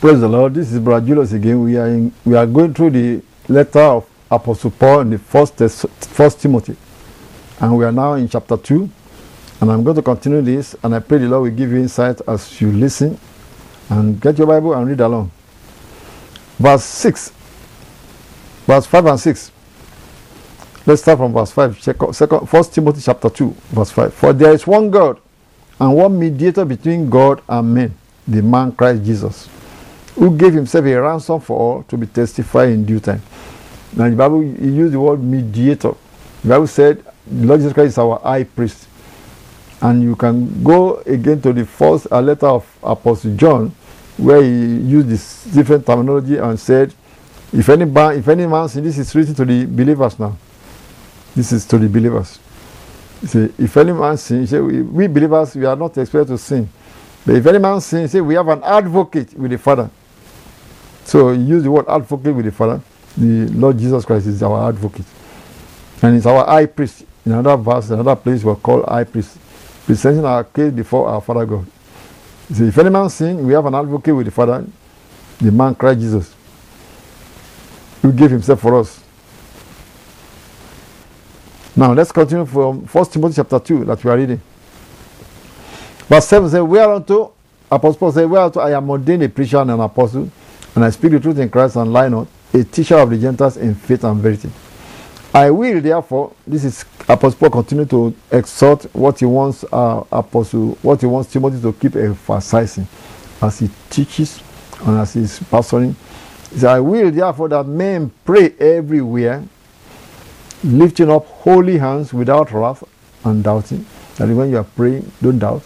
Praise the Lord. This is Brother Julius again. We are in, we are going through the letter of Apostle Paul in the first First Timothy, and we are now in chapter two. And I'm going to continue this, and I pray the Lord will give you insight as you listen, and get your Bible and read along. Verse six, verse five and six. Let's start from verse five. Check Second, First Timothy chapter two, verse five. For there is one God, and one mediator between God and men, the man Christ Jesus who gave himself a ransom for all to be testified in due time. Now the Bible he used the word mediator. The Bible said Lord Jesus Christ is our high priest. And you can go again to the first uh, letter of Apostle John, where he used this different terminology and said, if any man, if any man sin, this is written to the believers now. This is to the believers. see, if any man sin, say, we, we believers, we are not expected to sin. But if any man sin, say, we have an advocate with the Father, so he use the word advocate with the Father. The Lord Jesus Christ is our advocate. And it's our high priest. In another verse, another place, we're called high priest, presenting our case before our Father God. So if any man sin, we have an advocate with the Father, the man Christ Jesus, who gave himself for us. Now let's continue from 1 Timothy chapter 2 that we are reading. Verse 7 says, Whereunto, Apostle Paul said, Whereunto I am ordained a preacher and an apostle and I speak the truth in Christ and lie not, a teacher of the Gentiles in faith and verity. I will therefore, this is Apostle Paul continue to exhort what he wants uh, Apostle, what he wants Timothy to keep emphasizing as he teaches and as he's pastoring. He said, I will therefore that men pray everywhere, lifting up holy hands without wrath and doubting. That when you are praying, don't doubt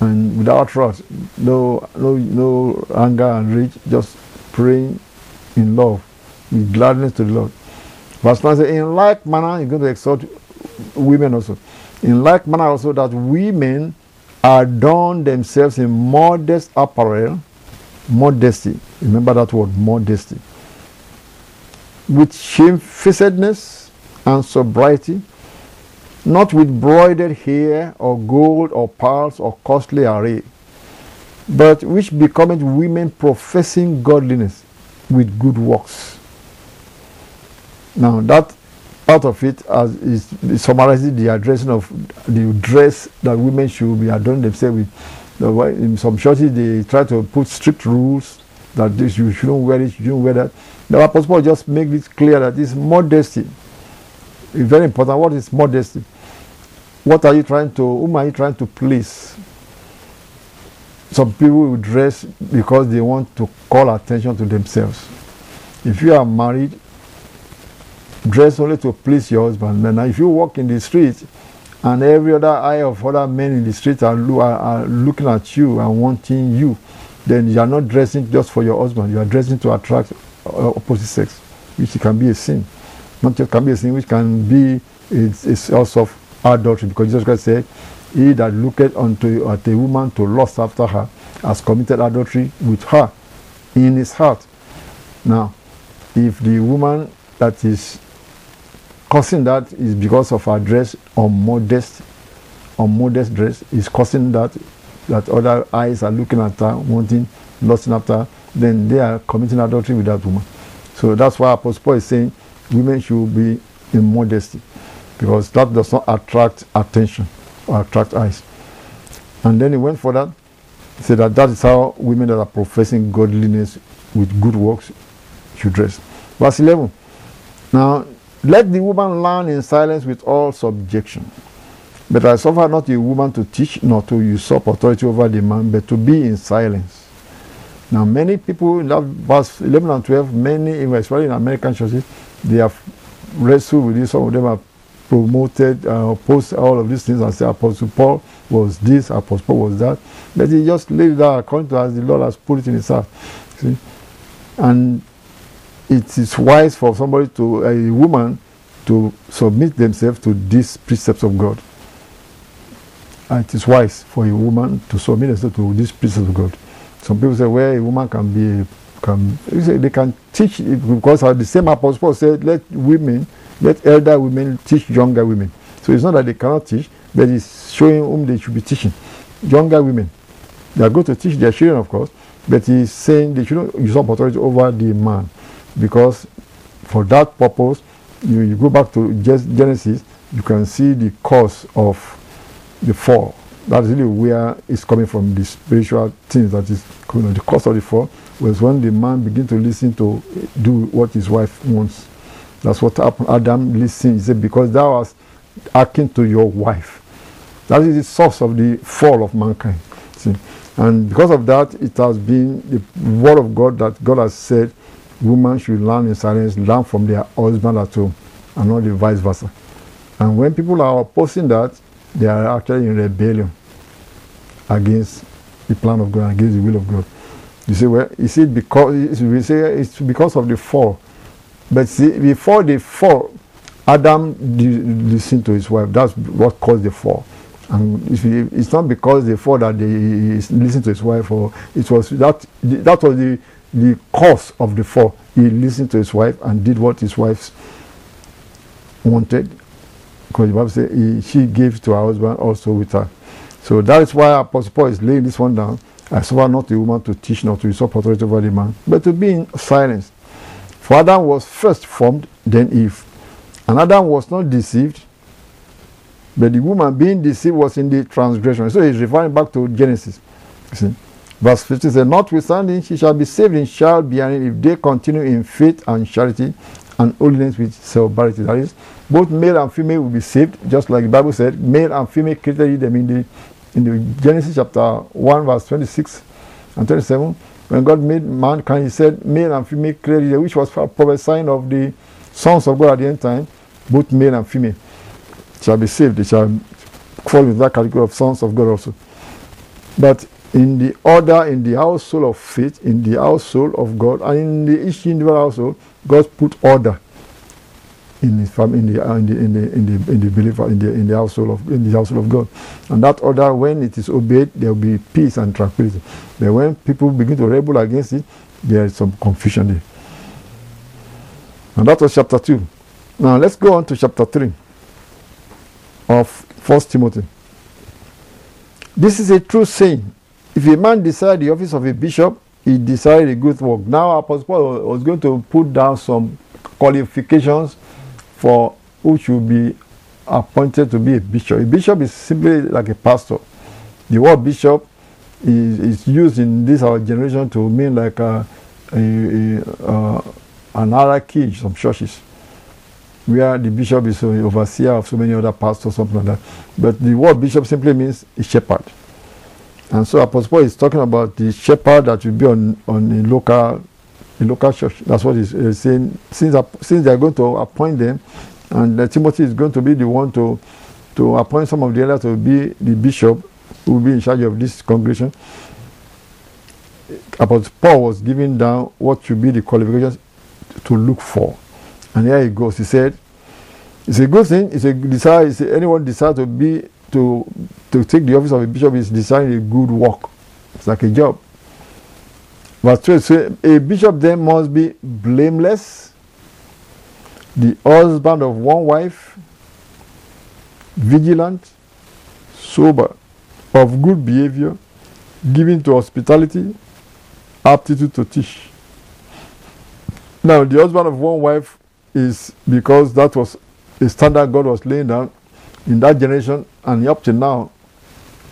and without wrath, no, no, no anger and rage, just praying in love, in gladness to the Lord. Verse 9 says, In like manner, you're going to exhort women also. In like manner also that women adorn themselves in modest apparel, modesty. Remember that word, modesty. With shamefacedness and sobriety, not with broidered hair or gold or pearls or costly array, but which becometh women professing godliness with good works. Now that part of it as is, summarizing the addressing of the dress that women should be adorning themselves with. In some churches they try to put strict rules that this you shouldn't wear it, you shouldn't wear that. The Apostle Paul just makes it clear that it's modesty it's very important What is modesty. What are you trying to, whom are you trying to please? Some people will dress because they want to call attention to themselves. If you are married, dress only to please your husband. Now, if you walk in the street and every other eye of other men in the street are, lo- are, are looking at you and wanting you, then you are not dressing just for your husband. You are dressing to attract uh, opposite sex, which can be a sin not just can be a sin which can be a, a source of adultery because Jesus Christ said, He that looketh unto at a woman to lust after her has committed adultery with her in his heart. Now, if the woman that is causing that is because of her dress or modest or modest dress is causing that that other eyes are looking at her, wanting, lusting after her, then they are committing adultery with that woman. So that's why Apostle Paul is saying women should be in modesty because that does not attract attention or attract eyes. And then he went for that. He said that that is how women that are professing godliness with good works should dress. Verse 11. Now, let the woman learn in silence with all subjection. But I suffer not a woman to teach, nor to usurp authority over the man, but to be in silence. Now, many people in that verse 11 and 12, many, especially in American churches, they have wrestled with this. Some of them have promoted, uh, post all of these things and say Apostle Paul was this, Apostle Paul was that. Let it just leave that according to as the Lord has put it in his heart. See? And it is wise for somebody to, a woman, to submit themselves to these precepts of God. And it is wise for a woman to submit herself to these precepts of God. Some people say, well, a woman can be a say they can teach because the same apostle Paul said let women let elder women teach younger women so it's not that they cannot teach but it's showing whom they should be teaching younger women they are going to teach their children of course but he's saying they shouldn't usurp authority over the man because for that purpose you, you go back to genesis you can see the cause of the fall that's really where it's coming from the spiritual things that is coming on the cause of the fall was when the man began to listen to eh, do what his wife wants. That's what happened. Adam listened. He said, Because thou was akin to your wife. That is the source of the fall of mankind. See? And because of that, it has been the word of God that God has said women should learn in silence, learn from their husband at home, and not the vice versa. And when people are opposing that, they are actually in rebellion against the plan of God, against the will of God. You say, well, is it because we say it's because of the fall? But see, before the fall, Adam listened to his wife. That's what caused the fall. And it's not because the fall that he listened to his wife, or it was that that was the the cause of the fall. He listened to his wife and did what his wife wanted. Because the Bible says she gave to her husband also with her. So that is why Apostle Paul is laying this one down as well not the woman to teach, nor to usurp authority over the man, but to be in silence. For Adam was first formed, then Eve. And Adam was not deceived, but the woman being deceived was in the transgression. So he's referring back to Genesis. You see? Verse 50 says, Notwithstanding, she shall be saved in bearing if they continue in faith and charity and holiness with sobriety. That is, both male and female will be saved, just like the Bible said, male and female created them in the in the Genesis chapter 1 verse 26 and 27, when God made mankind, he said, male and female created, which was prophesying of the sons of God at the end time, both male and female shall be saved. They shall fall into that category of sons of God also. But in the order, in the household of faith, in the household of God, and in the each individual household, God put order in the fam in the, uh, in the in the in the in the believer in the in the household of in the household of God. And that order, when it is obeyed, there will be peace and tranquility. But when people begin to rebel against it, there is some confusion there. And that was chapter two. Now let's go on to chapter three of First Timothy. This is a true saying. If a man desire the office of a bishop, he desire a good work. Now Apostle Paul was going to put down some qualifications for who should be appointed to be a bishop. A bishop is simply like a pastor. The word bishop is, is used in this our generation to mean like a, a, a, a, an hierarchy in some churches, where the bishop is an overseer of so many other pastors, something like that. But the word bishop simply means a shepherd. And so Apostle Paul is talking about the shepherd that will be on, on a local the local church. That's what he's uh, saying. Since, uh, since they're going to appoint them, and uh, Timothy is going to be the one to, to appoint some of the others to be the bishop who will be in charge of this congregation. Apostle Paul was giving down what should be the qualifications to look for. And here he goes. He said, It's a good thing. It's a desire. It's a, anyone desire to be to to take the office of a bishop is desiring a good work. It's like a job. Verse three: says, A bishop then must be blameless, the husband of one wife, vigilant, sober, of good behavior, giving to hospitality, aptitude to teach. Now, the husband of one wife is because that was a standard God was laying down in that generation and up to now.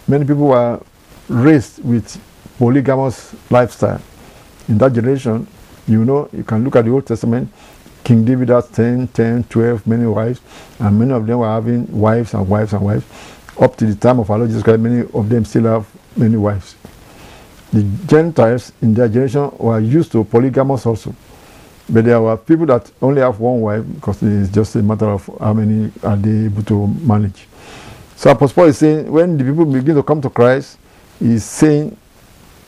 Many people were raised with polygamous lifestyle in that generation, you know, you can look at the Old Testament. King David has 10, 10, 12, many wives, and many of them were having wives and wives and wives. Up to the time of our Lord Jesus Christ, many of them still have many wives. The Gentiles in their generation were used to polygamous also. But there were people that only have one wife because it's just a matter of how many are they able to manage. So Apostle Paul is saying when the people begin to come to Christ, he's saying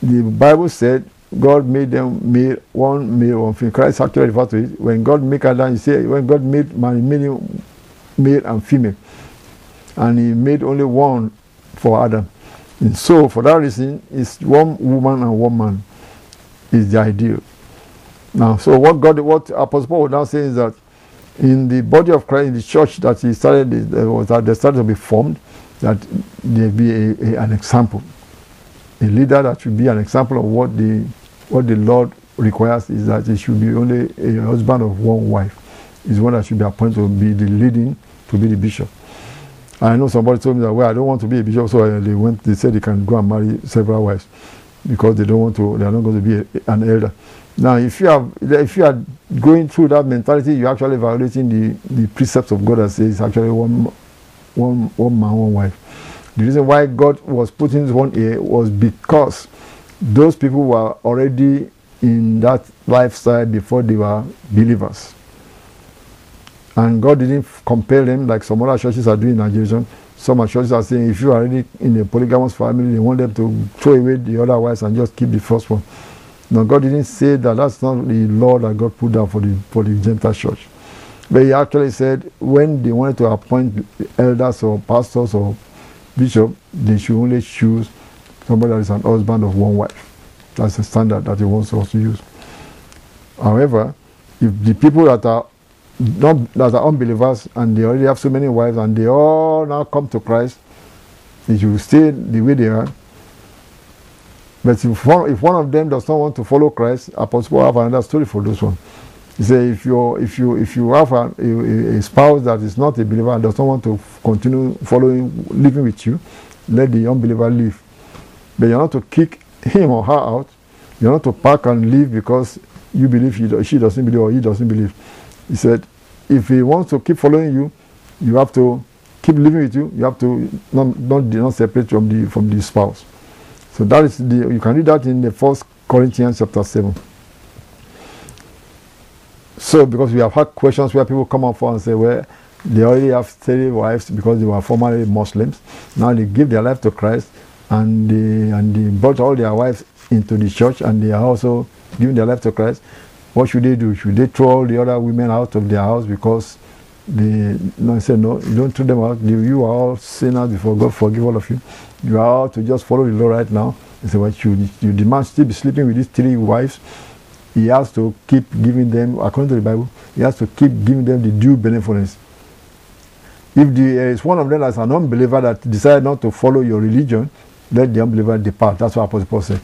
the Bible said God made them male, one male, one female. Christ actually refers to it. When God made Adam, he said, when God made man, he made him male and female. And he made only one for Adam. And so, for that reason, it's one woman and one man is the ideal. Now, so what God, what Apostle Paul now saying is that in the body of Christ, in the church that he started, was at the to be formed, that there be a, a, an example. A leader that should be an example of what the what the Lord requires is that it should be only a husband of one wife. Is one that should be appointed to be the leading, to be the bishop. I know somebody told me that, well, I don't want to be a bishop, so uh, they went, they said they can go and marry several wives because they don't want to, they are not going to be a, an elder. Now, if you are, if you are going through that mentality, you're actually violating the, the precepts of God that says actually one, one, one man, one wife. The reason why God was putting this one here was because those people were already in that lifestyle before they were believers. And God didn't compel them like some other churches are doing in Nigeria. Some churches are saying if you are already in a polygamous family, they want them to throw away the other wives and just keep the first one. Now God didn't say that that's not the law that God put down for the for the Gentile church. But he actually said when they wanted to appoint elders or pastors or bishops, they should only choose Somebody that is an husband of one wife. That's the standard that he wants us to use. However, if the people that are not that are unbelievers and they already have so many wives and they all now come to Christ, if you stay the way they are. But if one, if one of them does not want to follow Christ, Apostle Paul have another story for this one. He say if you if you if you have a, a, a spouse that is not a believer and does not want to continue following living with you, let the unbeliever leave. But you're not to kick him or her out. You're not to pack and leave because you believe he, she doesn't believe or he doesn't believe. He said, if he wants to keep following you, you have to keep living with you. You have to not not, not separate from the from the spouse. So that is the you can read that in the First Corinthians chapter seven. So because we have had questions where people come up for and say, well, they already have three wives because they were formerly Muslims. Now they give their life to Christ and they, and they brought all their wives into the church and they are also giving their life to Christ, what should they do? Should they throw all the other women out of their house because they no, I said no, you don't throw them out. You, you are all sinners before God forgive all of you. You are all to just follow the law right now. He said, what you, you demand still be sleeping with these three wives. He has to keep giving them, according to the Bible, he has to keep giving them the due benevolence. If there uh, is one of them that's an unbeliever that decided not to follow your religion, let the unbeliever depart. That's what Apostle Paul said.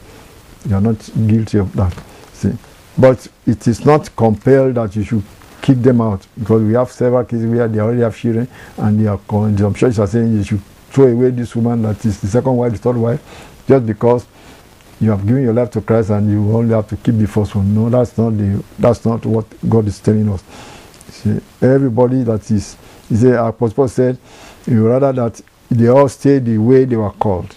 You are not guilty of that. See, but it is not compelled that you should keep them out because we have several cases where they already have children and they are. I'm sure you are saying you should throw away this woman that is the second wife, the third wife, just because you have given your life to Christ and you only have to keep the first one. No, that's not the that's not what God is telling us. See, everybody that is, is said, Apostle Paul said, rather that they all stay the way they were called.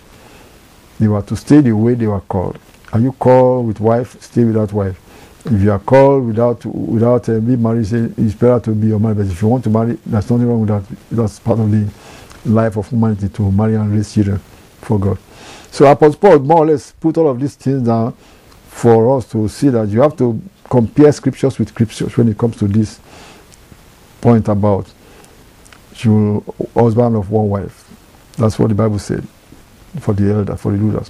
They were to stay the way they were called. Are you called with wife? Stay without wife. If you are called without without uh, being married, it's better to be your married. But if you want to marry, there's nothing wrong with that. That's part of the life of humanity to marry and raise children for God. So Apostle Paul more or less put all of these things down for us to see that you have to compare scriptures with scriptures when it comes to this point about you husband of one wife. That's what the Bible said for the elder, for the rulers.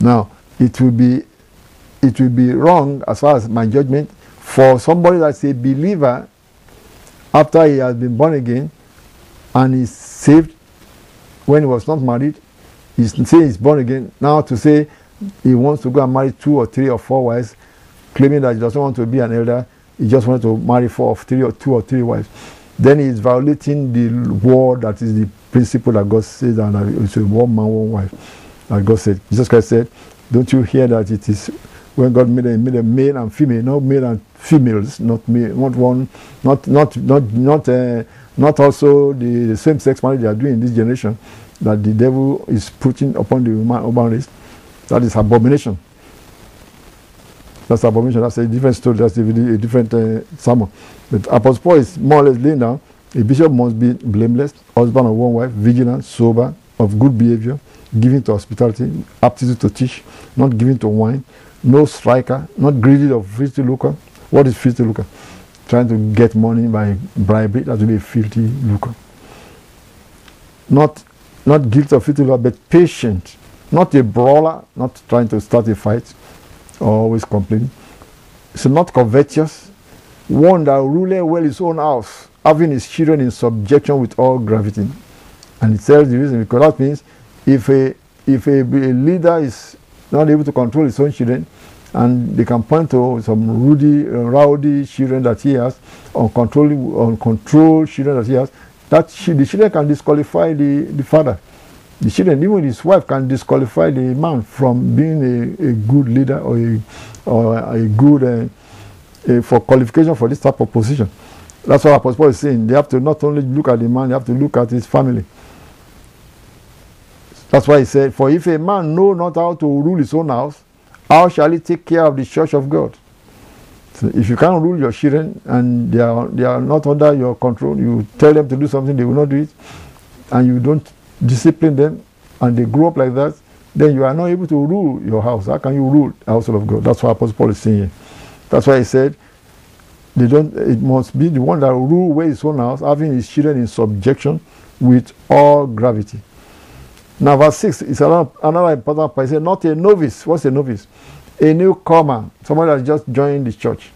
Now, it will be it will be wrong as far as my judgment for somebody that's a believer after he has been born again and is saved when he was not married. He's saying he's born again now to say he wants to go and marry two or three or four wives, claiming that he doesn't want to be an elder. He just wanted to marry four or three or two or three wives. Then he's violating the law that is the principle that God said, and that it's a one man, one wife. That God said, Jesus Christ said, Don't you hear that it is when God made a made a male and female, not male and females, not me, not one, not not not not uh, not also the, the same sex marriage they are doing in this generation, that the devil is putting upon the human urban race. That is abomination. That's abomination. That's a different story. That's a, a different uh, sermon. But Apostle Paul is more or less laying down a bishop must be blameless, husband of one wife, vigilant, sober, of good behavior, giving to hospitality, aptitude to teach, not given to wine, no striker, not greedy of filthy lucre. What is filthy lucre? Trying to get money by bribery, that will be filthy lucre. Not, not guilty of filthy lucre, but patient, not a brawler, not trying to start a fight, always complaining. So not covetous, one that ruleth well his own house, having his children in subjection with all gravity. And it tells the reason because that means if a if a, a leader is not able to control his own children, and they can point to some rowdy, uh, rowdy children that he has, uncontrolled, uncontrolled children that he has, that she, the children can disqualify the, the father. The children, even his wife, can disqualify the man from being a, a good leader or a, or a good, uh, a, for qualification for this type of position. That's what Apostle Paul is saying. They have to not only look at the man, they have to look at his family. That's why he said, For if a man know not how to rule his own house, how shall he take care of the church of God? So if you can't rule your children and they are, they are not under your control, you tell them to do something, they will not do it, and you don't discipline them, and they grow up like that, then you are not able to rule your house. How can you rule the household of God? That's what Apostle Paul is saying. That's why he said, they don't, it must be the one that rule where his own house, having his children in subjection with all gravity. Now, verse 6 is another, important point. He said, Not a novice. What's a novice? A newcomer, somebody that just joined the church.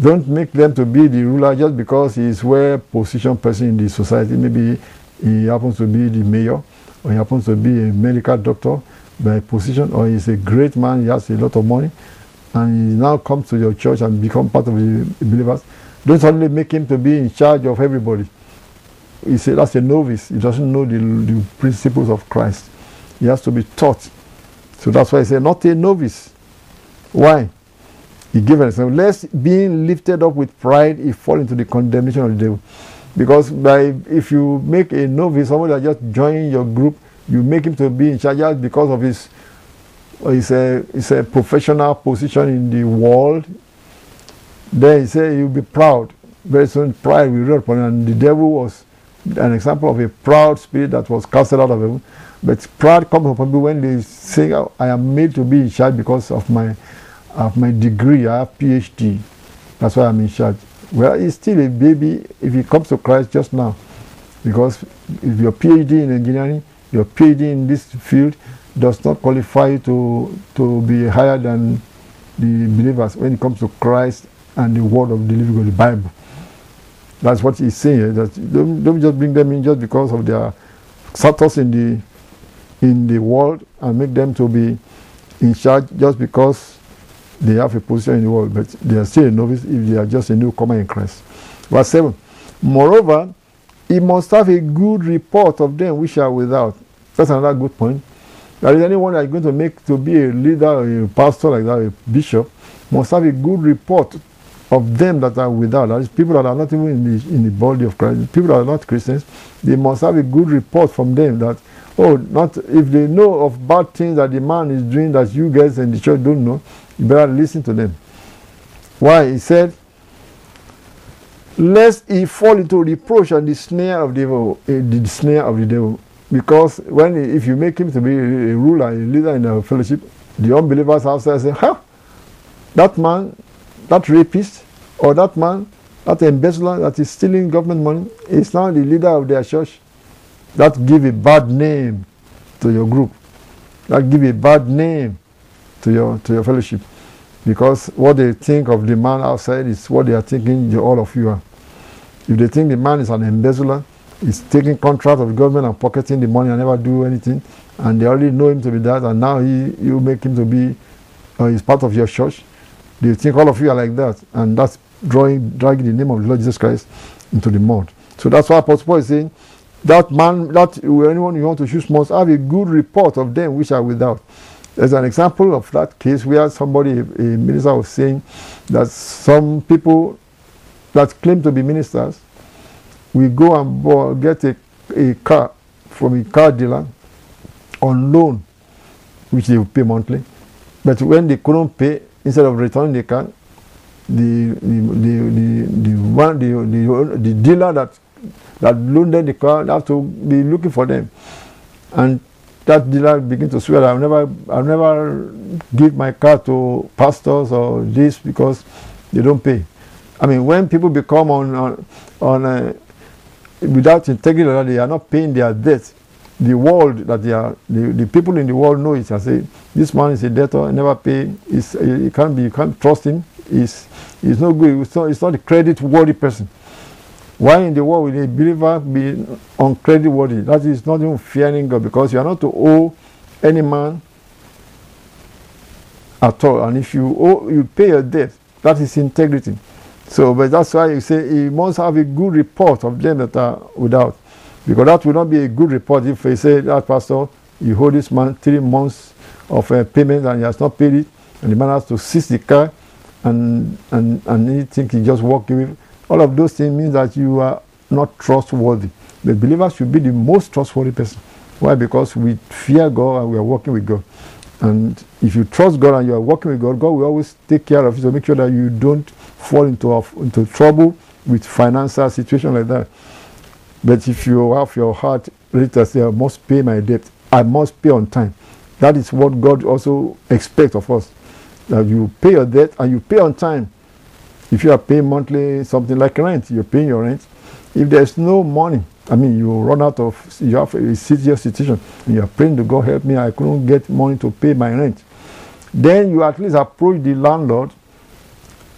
Don't make them to be the ruler just because he is well positioned person in the society. Maybe he happens to be the mayor, or he happens to be a medical doctor by position, or he's a great man, he has a lot of money and he now comes to your church and become part of the believers, don't suddenly make him to be in charge of everybody. He said that's a novice. He doesn't know the, the principles of Christ. He has to be taught. So that's why I say not a novice. Why? He gave an example. Lest being lifted up with pride, he fall into the condemnation of the devil. Because by if you make a novice, somebody that just joined your group, you make him to be in charge because of his it's a, it's a professional position in the world. Then he said, You'll be proud. Very soon, pride will rule upon him. And the devil was an example of a proud spirit that was cast out of heaven. But pride comes upon people when they say, oh, I am made to be in charge because of my, of my degree. I have PhD. That's why I'm in charge. Well, he's still a baby if he comes to Christ just now. Because if you're PhD in engineering, you're PhD in this field, does not qualify to, to be higher than the believers when it comes to Christ and the word of the living God, the Bible. That's what he's saying. Eh, that don't, don't just bring them in just because of their status in the in the world and make them to be in charge just because they have a position in the world, but they are still a novice if they are just a newcomer in Christ. Verse 7. Moreover, he must have a good report of them which are without. That's another good point. There is anyone that is going to make to be a leader, a pastor like that, a bishop, must have a good report of them that are without. That is, people that are not even in the, in the body of Christ, people that are not Christians, they must have a good report from them that, oh, not if they know of bad things that the man is doing that you guys in the church don't know, you better listen to them. Why? He said, lest he fall into reproach and the snare of the devil, eh, the snare of the devil. Because when if you make him to be a ruler, a leader in a fellowship, the unbelievers outside say, huh, that man, that rapist, or that man, that embezzler that is stealing government money is now the leader of their church. That give a bad name to your group. That give a bad name to your to your fellowship. Because what they think of the man outside is what they are thinking all of you are. If they think the man is an embezzler, is taking contracts of government and pocketing the money and never do anything. And they already know him to be that, and now he, you make him to be, uh, he's part of your church. They think all of you are like that, and that's drawing, dragging the name of the Lord Jesus Christ into the mud. So that's why Apostle Paul is saying, that man, that anyone you want to choose must have a good report of them which are without. There's an example of that case where somebody, a minister, was saying that some people that claim to be ministers we go and get a, a car from a car dealer on loan, which they pay monthly. But when they couldn't pay, instead of returning the car, the the the the, one the, the the dealer that that loaned the car have to be looking for them, and that dealer begin to swear, I'll never I'll never give my car to pastors or this because they don't pay. I mean, when people become on on on. Uh, without integrity, they are not paying their debt. The world that they are, the, the people in the world know it and say, this man is a debtor, never pay. it can't be, you can't trust him. It's, it's not good. It's not, not a credit worthy person. Why in the world will a believer be uncredit-worthy? That That is not even fearing God because you are not to owe any man at all. And if you owe, you pay your debt. That is integrity. So, but that's why you say he must have a good report of them that are without. Because that will not be a good report if they say, that pastor, you hold this man three months of uh, payment and he has not paid it, and the man has to seize the car and, and, and he think he just walked away. All of those things mean that you are not trustworthy. The believer should be the most trustworthy person. Why? Because we fear God and we are working with God. And if you trust God and you are working with God, God will always take care of you to so make sure that you don't fall into, a, into trouble with financial situation like that. But if you have your heart ready to say, I must pay my debt, I must pay on time. That is what God also expects of us. That you pay your debt and you pay on time. If you are paying monthly something like rent, you're paying your rent. If there's no money, I mean, you run out of, you have a serious situation, and you are praying to God, help me, I couldn't get money to pay my rent. Then you at least approach the landlord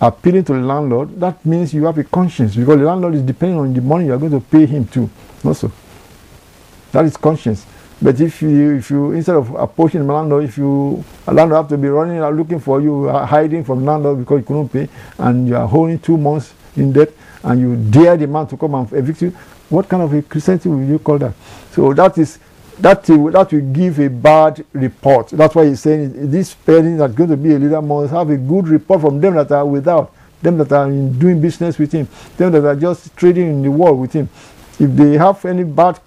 appealing to the landlord, that means you have a conscience because the landlord is depending on the money you are going to pay him too. Also, that is conscience. But if you, if you instead of approaching the landlord, if you landlord have to be running out looking for you, uh, hiding from landlord because you couldn't pay, and you are holding two months in debt, and you dare the man to come and evict you, what kind of a Christianity will you call that? So that is that will, that will give a bad report. That's why he's saying this person that's going to be a leader must have a good report from them that are without, them that are doing business with him, them that are just trading in the world with him. If they have any bad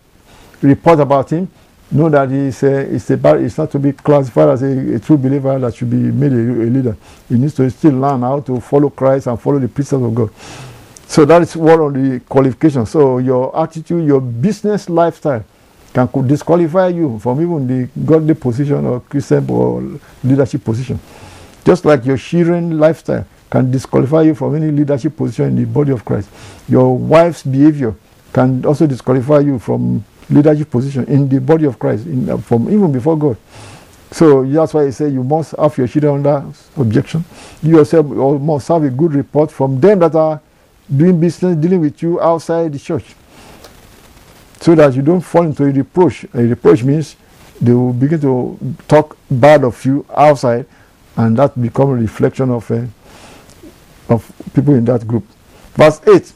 report about him, know that he's a, he's a bad, he's not to be classified as a, a true believer that should be made a, a leader. He needs to still learn how to follow Christ and follow the precepts of God. So that is one of the qualifications. So your attitude, your business lifestyle can disqualify you from even the godly position or Christian or leadership position. Just like your children lifestyle can disqualify you from any leadership position in the body of Christ. Your wife's behavior can also disqualify you from leadership position in the body of Christ, in, uh, from even before God. So that's why I say you must have your children under objection. You yourself must have a good report from them that are doing business, dealing with you outside the church so that you don't fall into a reproach. A reproach means they will begin to talk bad of you outside, and that become a reflection of uh, of people in that group. Verse eight.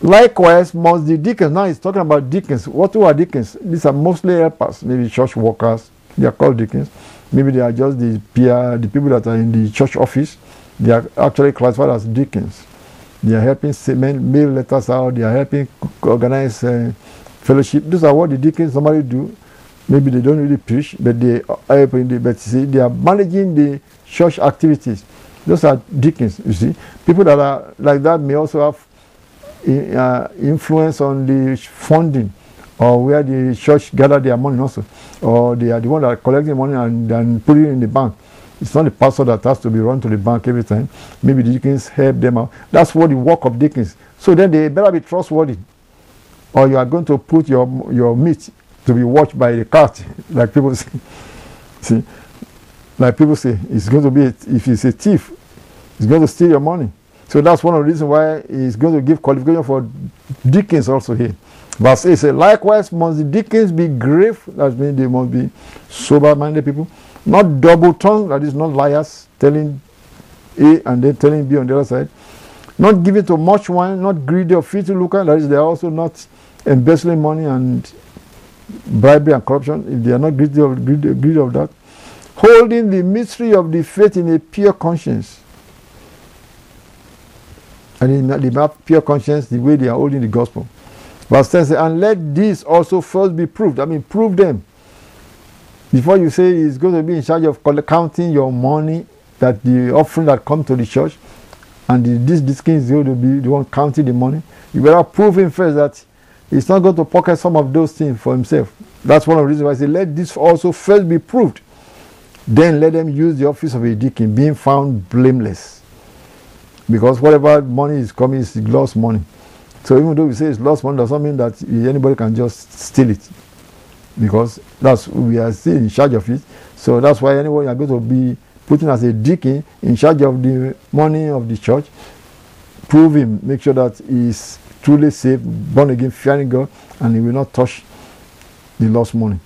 Likewise, must the deacons. Now he's talking about deacons. What who are deacons? These are mostly helpers, maybe church workers. They are called deacons. Maybe they are just the peer, the people that are in the church office. They are actually classified as deacons. They are helping send mail letters out. They are helping organize. Uh, fellowship. These are what the deacons normally do. Maybe they don't really preach, but they are uh, helping. the but see, they are managing the church activities. Those are deacons, you see. People that are like that may also have uh, influence on the funding or where the church gather their money also. Or they are the one that are collecting money and, and putting it in the bank. It's not the pastor that has to be run to the bank every time. Maybe the deacons help them out. That's what the work of deacons. So then they better be trustworthy or you are going to put your, your meat to be watched by the cat, like people say. See, like people say, it's going to be, a, if he's a thief, he's going to steal your money. So that's one of the reasons why he's going to give qualification for deacons also here. Verse 8 says, Likewise, must the deacons be grave, that means they must be sober minded people, not double tongued, that is, not liars, telling A and then telling B on the other side, not giving to much wine, not greedy or filthy lucre, that is, they are also not embezzling money and bribery and corruption, if they are not greedy of, greedy, greedy of that, holding the mystery of the faith in a pure conscience. And in that pure conscience, the way they are holding the gospel. Verse 10 says, And let this also first be proved. I mean, prove them. Before you say he's going to be in charge of counting your money, that the offering that comes to the church, and the, this, this king is going to be the one counting the money, you better prove him first that He's not going to pocket some of those things for himself. That's one of the reasons why I say, let this also first be proved. Then let them use the office of a deacon, being found blameless. Because whatever money is coming is lost money. So even though we say it's lost money, does not mean that anybody can just steal it. Because that's we are still in charge of it. So that's why anyone you are going to be putting as a deacon in charge of the money of the church prove him, make sure that he is truly saved, born again, fearing God, and he will not touch the lost money.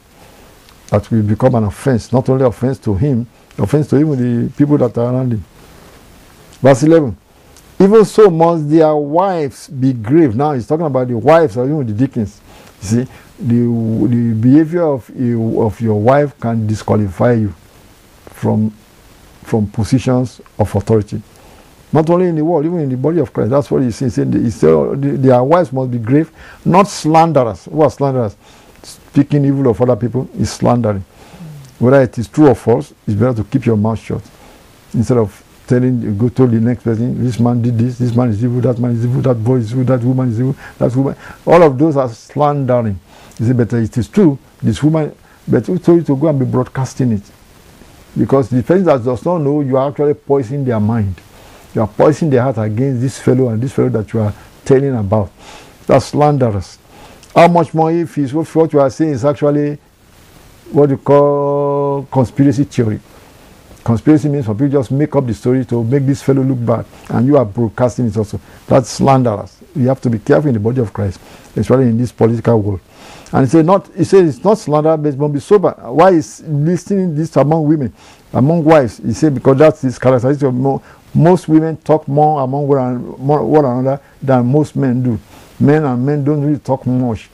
That will become an offense, not only offense to him, offense to even the people that are around him. Verse 11. Even so must their wives be grave. Now he's talking about the wives or even the deacons. You see, the, the behavior of, of your wife can disqualify you from, from positions of authority. Not only in the world, even in the body of Christ. That's what he's saying. He said, oh, their wives must be grave, not slanderers. Who are slanderers? Speaking evil of other people is slandering. Whether it is true or false, it's better to keep your mouth shut instead of telling go tell the next person this man did this this man is evil that man is evil that boy is evil that woman is evil that woman all of those are slandering you say but it is true this woman but who told you to go and be broadcasting it because the person that does not know you are actually poisoning their mind you are poisoning the heart against this fellow and this fellow that you are telling about. That's slanderous. How much more if he's, what you are saying is actually what you call conspiracy theory. Conspiracy means for people just make up the story to make this fellow look bad, and you are broadcasting it also. That's slanderous. You have to be careful in the body of Christ, especially in this political world. And he said, not, he said it's not slander, but it must be sober. Why is listening this among women? among wives he said because that's his characteristic of most women talk more among one, more, one another than most men do men and men don't really talk much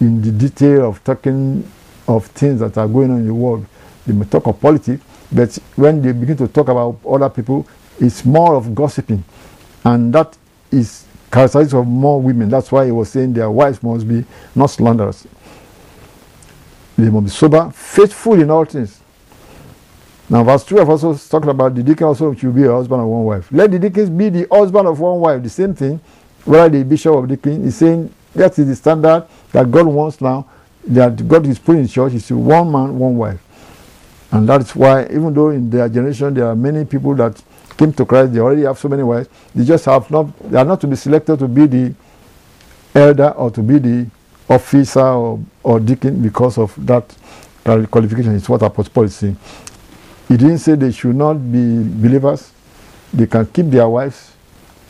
in the detail of talking of things that are going on in the world they may talk of politics but when they begin to talk about other people it's more of gossiping and that is characteristic of more women that's why he was saying their wives must be not slanderers they must be sober faithful in all things now, verse 12 also talked about the deacon also should be a husband of one wife. Let the deacons be the husband of one wife. The same thing, whether the bishop of deacon is saying that is the standard that God wants now, that God is putting in church is one man, one wife. And that's why, even though in their generation there are many people that came to Christ, they already have so many wives, they just have not, they are not to be selected to be the elder or to be the officer or, or deacon because of that qualification. Is what Apostle Paul is saying. He didn't say they should not be believers. They can keep their wives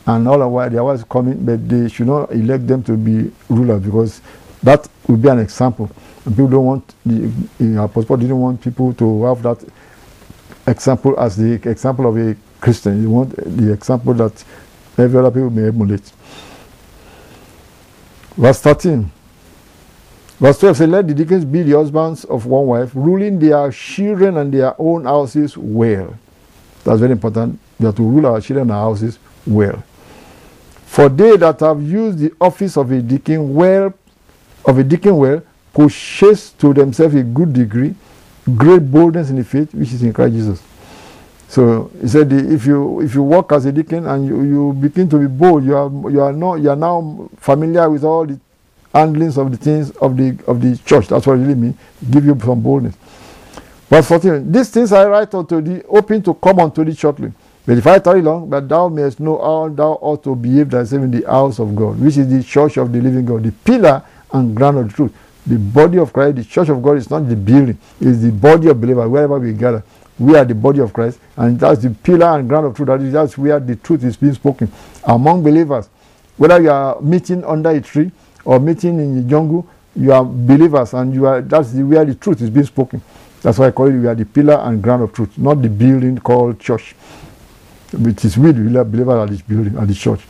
and all the while their wives coming, but they should not elect them to be rulers because that would be an example. And people don't want the, apostle didn't want people to have that example as the example of a Christian. You want the example that every other people may emulate. Verse 13. Verse 12 says, Let the deacons be the husbands of one wife, ruling their children and their own houses well. That's very important. We have to rule our children and our houses well. For they that have used the office of a deacon well, of a deacon well, purchase to themselves a good degree, great boldness in the faith which is in Christ Jesus. So he said, if you if you work as a deacon and you, you begin to be bold, you are you are not you are now familiar with all the handlings of the things of the of the church. That's what I really mean. Give you some boldness. Verse 14. These things I write unto thee, hoping to come unto thee shortly. But if I tarry long, that thou mayest know how thou ought to behave thyself in the house of God, which is the church of the living God, the pillar and ground of the truth. The body of Christ, the church of God is not the building, it is the body of believers, wherever we gather. We are the body of Christ, and that's the pillar and ground of truth. That is that's where the truth is being spoken among believers. Whether you are meeting under a tree, or meeting in the jungle, you are believers and you are that's the, where the truth is being spoken. That's why I call it we are the pillar and ground of truth, not the building called church. Which is we the believers at this building at the church.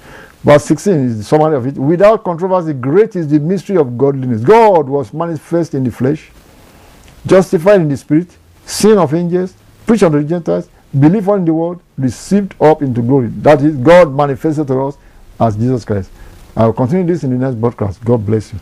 Verse 16 is the summary of it. Without controversy, great is the mystery of godliness. God was manifest in the flesh, justified in the spirit, seen of angels, preached unto the Gentiles, believed on in the world, received up into glory. That is, God manifested to us as Jesus Christ. I'll continue this in the next broadcast. God bless you.